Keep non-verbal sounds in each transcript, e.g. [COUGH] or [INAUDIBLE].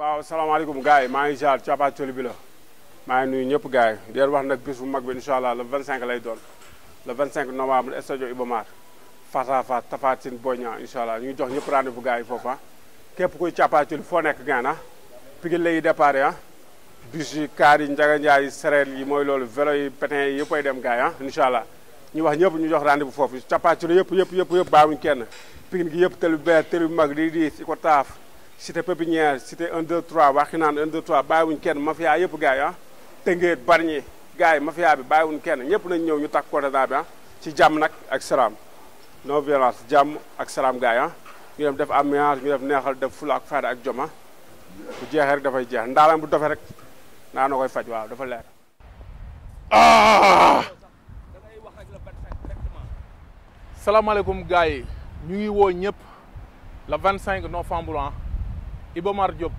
waaw salaamaaleykum gars yi maa ngi jaar cappaatuli bi la maa ngi nuyu ñëpp gars yi di wax nag bis bu mag bi incha allah le 25 lay doon le 25 novembre stade Iba o face à face Tapha Tine Boy Niang allah ñu jox ñëpp rendez-vous gars yi foofu ah képp kuy cappaatuli foo nekk gaan ah Pikine lay déparé bis ah. bus yi kaar yi njaga njaay yi sereer yi mooy loolu vélo yi pétin yi yëppay dem gars yi ah incha ñu wax ñëpp ñu jox rendez-vous foofu cappaatuli yëpp yëpp yëpp yëpp bàyyiwuñ kenn yëpp tëlu mag di diis i ko taaf cité pépinière cité 1 2 3 waxi naan 1 2 3 bàyyiwuñ kenn mafia yëpp gars yi ah tëngeet barñi gars yi mafia bi bàyyiwuñ kenn ñëpp nañ ñëw ñu takk corona bi ah ci jàmm nag ak salaam non violence jàmm ak salaam gars yi ah ñu dem def ambiance ñu def neexal def fula ak fayda ak joma ah. bu jeexee rek dafay jeex ndaalaan bu dofe rek naa na koy faj waaw dafa leer ah! salaamaaleykum gars yi ñu ngi woo ñëpp le 25 novembre ah. Iba Mar Diop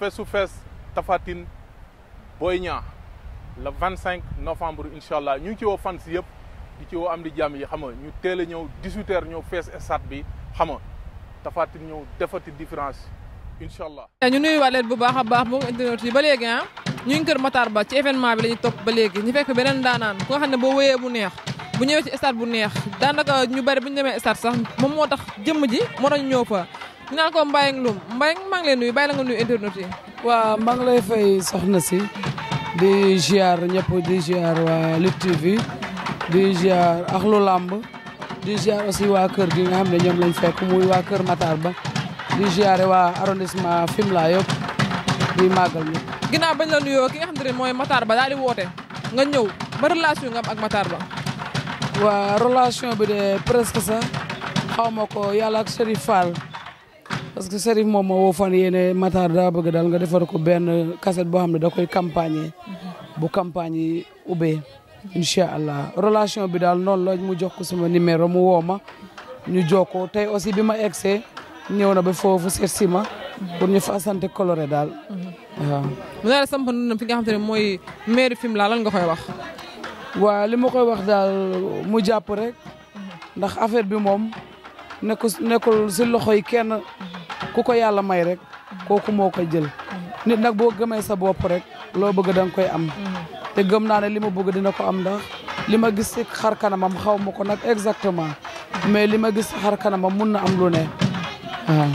feesu fees Tafatine Boy Niang le cinq novembre incha allah ñu ngi ci woo fan si yëpp di ci woo am di jàmm yi xam nga ñu teel a ñëw dix-huit heures ñëw fees stade bi xam nga Tafatine ñëw defati différence incha allah. Eh, ñu nuyu waa leen bu baax a baax bu internet yi ba léegi ah ñu ngi kër Matar Ba ci événement bi la ñuy topp ba léegi ñu fekk beneen daanaan ku nga xam ne boo wéyee bu neex. bu ñëwee ci stade bu neex daanaka ñu bari bu ñu demee stade sax moom moo tax jëmm ji moo tax ñu ñëw ñu naan ko Mbaye ak Loum Mbaye maa ngi lay nuyu bàyyi la nga nuyu internet yi. waaw maa ngi lay fay soxna si di ziar ñëpp di ziar waa Lutte TV di ziar ak lu làmb di ziar aussi waa kër gi nga xam ne ñoom lañ fekk muy waa kër Matar Ba di ziare waa arrondissement Fimela yëpp di màggal ñu. ginnaaw bañ la nuyoo ki nga xam ne mooy Matar Ba daal di woote nga ñëw ba relation nga am ak Matar Ba. waa relation bi de presque sax xaw ma ko yàlla ak Chérif Fall. parce que seri moom moo woo fan yéene daa bëgg daal nga defar ko benn cassette boo xam ne da koy campagne bu campagne yi ubbee allah relation bi daal noonu la mu jox ko sama numéro mu woo ma ñu jokkoo tey aussi bi ma egsee ñëw na ba foofu seet si ma pour ñu fa sante kolore daal waaw mu daal samp na fi nga xam ne mooy mairie film laa lan nga koy wax waaw li ma koy wax daal mu jàpp rek ndax affaire bi moom nekkul nekkul si loxo yi kenn ku ko yàlla may rek kooku moo koy jël nit nag boo gëmee sa bopp rek loo bëgg da nga koy am te gëm naa ne li ma bëgg dina ko am da li ma gis ci xar kanamam xaw ma ko nag exactement mais li ma gis ci xar kanamam mun na am lu ne waaw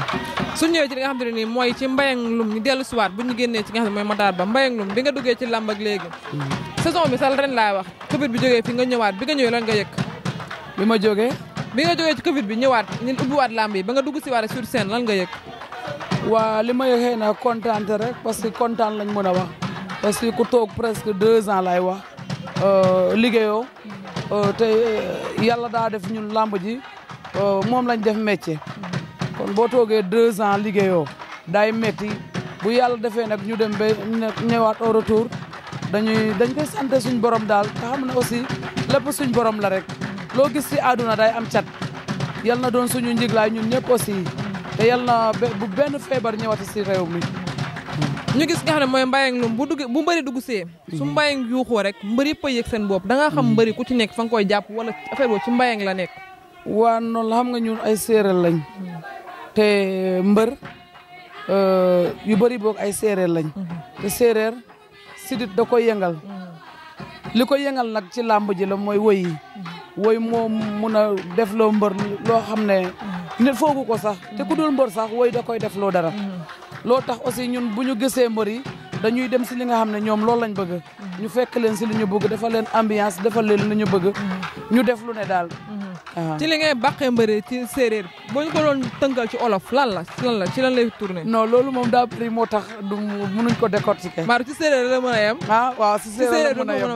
su ñëwee ci li nga mooy ci mbayang lum ñu dellu siwaat bu ñu génnee ci nga xam ne mooy Matar Ba mbayang lum bi nga duggee ci làmb ak léegi hmm. saison bi sal ren wax këbit bi jógee fi nga ñëwaat bi nga ñëwee lan nga yëg bi ma jógee bi nga jógee ci Covid bi ñëwaat ñun ubbiwaat làmb yi ba nga dugg si waat sur scène lan nga yëg. waa li ma yëgee nag kontaan rek parce que kontaan lañ mën a wax parce que ku toog presque deux ans lay wax euh, liggéeyoo euh, te euh, yàlla daa def ñun làmb ji moom lañ def métier. kon boo toogee deux ans liggéeyoo daay metti bu yàlla defee nag ñu dem ba ñëwaat au retour dañuy dañ koy sant suñ borom daal te xam ne aussi lépp suñ borom la rek. loo gis si àdduna day am cat yal na doon suñu njiglaay ñun ñëpp aussi te yal na bu benn feebar ñëwati ci réew mi. ñu gis nga xam ne mooy mbayang num bu dugg bu mbëri dugg see su mhm. mbayang yuuxoo rek mbëri yëpp a yëg seen bopp da xam mhm. mbëri ku ci nekk fa nga koy jàpp wala affaire boobu ci mbayang la nekk. waa noonu la xam nga ñun ay séeréer lañ te euh, mbër euh, yu bari boog ay séeréer lañ mhm. te séeréer sidit da koy yëngal. li ko yëngal nag ci làmb ji la mooy woy woy moo mun a def loo mbër loo xam ne nit foogu ko sax te ku dul mbër sax woy da koy def loo dara loo tax aussi ñun bu ñu gisee mbër yi dañuy dem si li nga xam ne ñoom loolu lañ bëgg ñu fekk leen si li ñu bëgg defal leen ambiance defal leen li ñu bëgg ñu def lu ne daal. Mm-hmm. Ah. ci li ngay bàqee mbëre ci séeréer boo ñu ko doon tënkal ci olof lan la ci lan la ci lan lay tourné. loolu moom daa bëri moo tax du mënuñ ko décortiquer. maanaam ci séeréer la mën a yem. ah waaw ci séeréer la mën a yem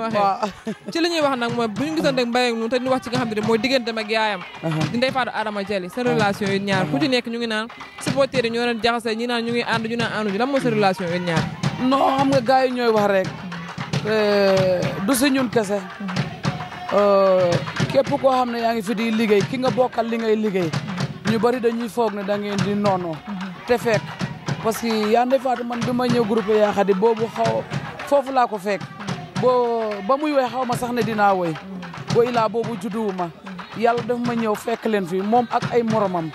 [LAUGHS] ci li ñuy wax nag mooy bu ñu gisoon rek mbéy mi te ñu wax ci nga xam ne mooy digganteem ak yaayam. Uh-huh. di Ndeye Fatou Adama Diallo seen ah. relation yi ñaar ku ci uh-huh. nekk ñu ngi naan supporter yi ñoo leen jaxase ñi naan ñu ngi ànd ñu naan Euh, képp koo xam ne yaa ngi fi di liggéey ki nga bokkal li ngay liggéey ñu bari dañuy foog ne da ngeen di noonu te fekk parce que yaa nde faatu man bi ma ñëw groupe yaa xadi boobu xaw foofu laa ko fekk boo ba muy woy xaw ma sax ne dinaa woy boo ilaa boobu judduwu ma yàlla daf ma ñëw fekk leen fii moom ak ay moromam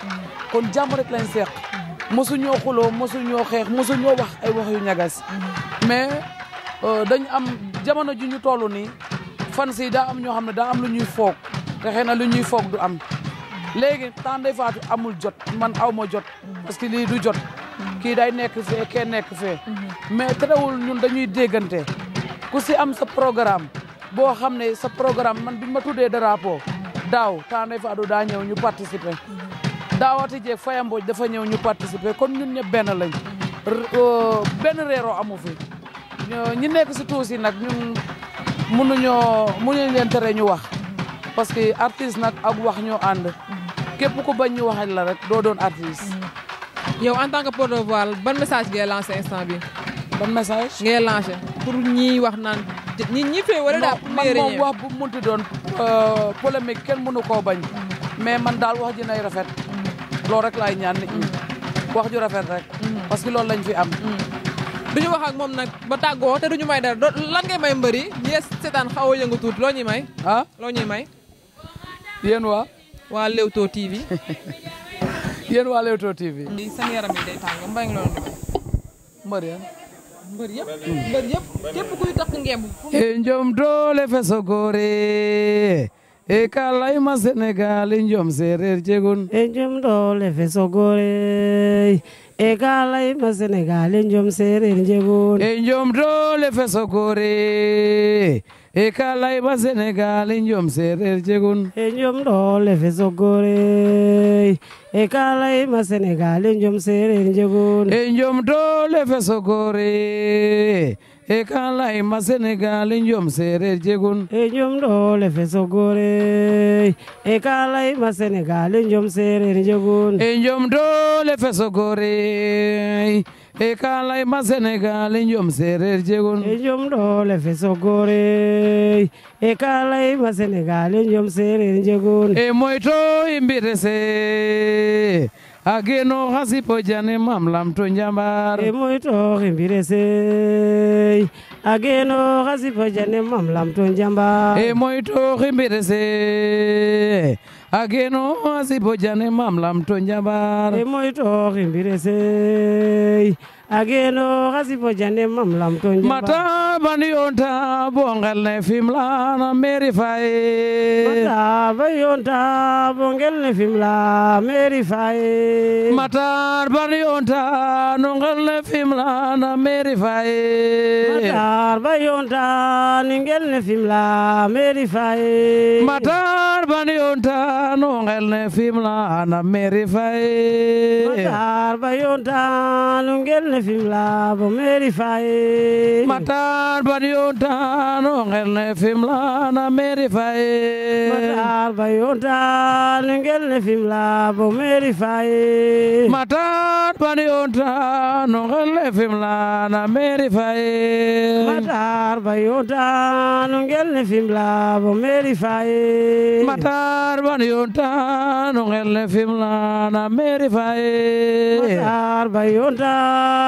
kon jàmm rek lañ seq mosuñoo xuloo mosuñoo xeex mosuñoo wax ay wax yu ñagas mais euh, dañ am jamono ju ñu toll nii fan si daa am ñoo xam ne daa am lu ñuy foog te xëy na lu ñuy foog du am léegi temps day faatu amul jot man aw ma jot parce que lii du jot kii day nekk fee kee nekk fee mhm. mais terewul ñun dañuy déggante ku si am sa programme boo xam ne sa programme man bi ma tuddee drapeau daaw temps day faatu daa ñëw ñu participer mhm. daawati jeeg fayambooj dafa ñëw ñu participer kon ñun ñëpp benn lañ mhm. euh, benn réeroo amu fi ñi nekk si tuusi nag ñun mënuñoo mënuñ mu tere ñu wax parce que artiste nag ak wax ñoo ànd képp ku bañ ñu waxal la rek doo doon artiste. yow en tant que porte-voix ban message ngay lancé instant bi ban message ngay lancé pour ñi wax naan ñi ñi fee wala daal pour man moom wax bu munti doon euh, polémique kenn mënu koo bañ mais man daal wax ji nay rafet loolu rek laay ñaan mm. wax ju rafet rek mm. parce que loolu lañ fi am mm. du ñu wax ak moom nag ba tàggoo te du ñu may dara lan ngay may mbëri ñi seetaan xaw a yëngu tuuti loo ñuy may. ah loo ñuy may. yéen waa. waa Leewtoo TV. [LAUGHS] yéen waa Leewtoo TV. mbër yan. mbër yëpp mbër yëpp képp takk ngemb. e njom doole feso góore e kalay ma Sénégal e njom séeréer jegun. e njom doole feso góore. e kalayma sénégal e joom seereer njegoon e joom doole e kalayma sénégal e joom seereer e joom doole fesogore e e joom seereer e joom doole e kan layma e sénégal njom séeréer jegun e njom ɗoole feso gore e kan layma e njom ɗoole feso e kan layma e sénégal e njom séeréer jegun e e kan layma sénégal e moyto imbirese a geno xa sipo mam lamto njambar e moytooxi mbire sey a geno xa sipo mam lamto njambar e moytooxi mbire sey a geno xa sipo mam lamto njambar e moytooxi mbire sey ageno xasibo jande mam lam to mata bani yonta bo ngel ne fimla meri faye mata bani yonta bo ngel ne fimla meri faye mata bani yonta no ngel ne fimla na meri faye mata bani yonta ngel ne fimla meri faye mata bani yonta no ngel ne fimla na meri faye mata bani yonta no ngel ne Fimela bo mairie faye Matar ba yontaan o ngel ne Fimela na mairie faye Matar ba yontaan ngel ne Fimela bo mairie faye Matar ba yontaan o ngel ne Fimela na mairie faye Matar ba yontaan ngel ne Fimela bo mairie faye Matar ba yontaan o ngel ne Fimela na mairie faye Matar ba yontaan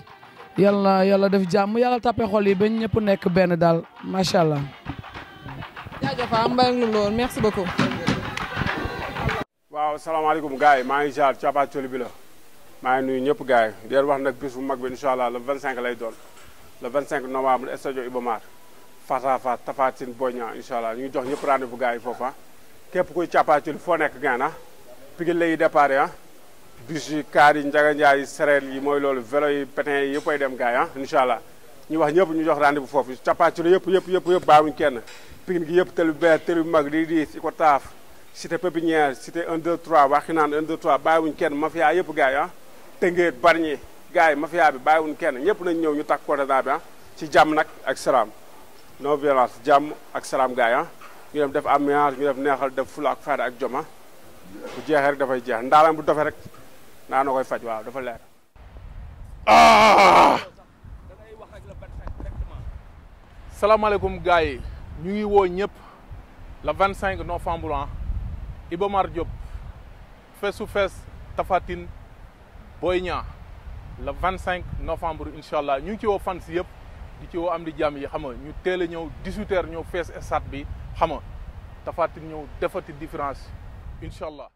yàlla yàlla def jàmm yàlla tàppe xol yi ba ñëpp nekk benn daal macha allah. jaajëf am mbay lool merci beaucoup. waaw salaamaaleykum gars yi maa ngi jaar Capa Thioly bi la maa ngi nuyu ñëpp gars yi di wax nag bis bu mag bi incha allah le 25 lay doon le 25 novembre stade Iba Mar face à face Tapha Tine Boy incha allah ñu jox ñëpp rendez-vous gars yi foofu ah képp kuy Capa Thioly foo nekk gànnaar ah. Pikine lay déparé ah. bus yi kaar yi njaganjaay yi mooy loolu vélo yi pétin yi yëpp ay dem gars yi ah incha allah wax ñëpp ñu jox rendez-vous foofu capaacu la yëpp yëpp yëpp yëpp bàyyiwuñ kenn Pikine gi yëpp tëli bu bees tëli mag di di si ko taaf cité pépinière cité 1 2 3 waxi naan 1 2 3 bàyyiwuñ kenn mafia yëpp gars yi ah tëngeet barñi gars yi mafia bi bàyyiwuñ kenn ñëpp nañ ñëw ñu takk coordonnée bi ah ci jàmm nag ak salaam non violence jàmm ak salaam gars yi ah ñu dem def ambiance neexal def fula ak fayda ak joma ah. bu jeexee jeex ndaalam bu dofee rek naa na koy faj waaw dafa leer. Ah! salaamaaleykum gars yi ñu ngi woo ñëpp le vingt cinq novembre ah Iba Mar feesu fees tafaatin Boy Niang le cinq novembre incha allah ñu ngi ci woo fans yëpp di ci woo am di jàmm yi xam ñu teel a ñëw dix ñëw fees stade bi xam nga Tafatine ñëw defati différence incha allah.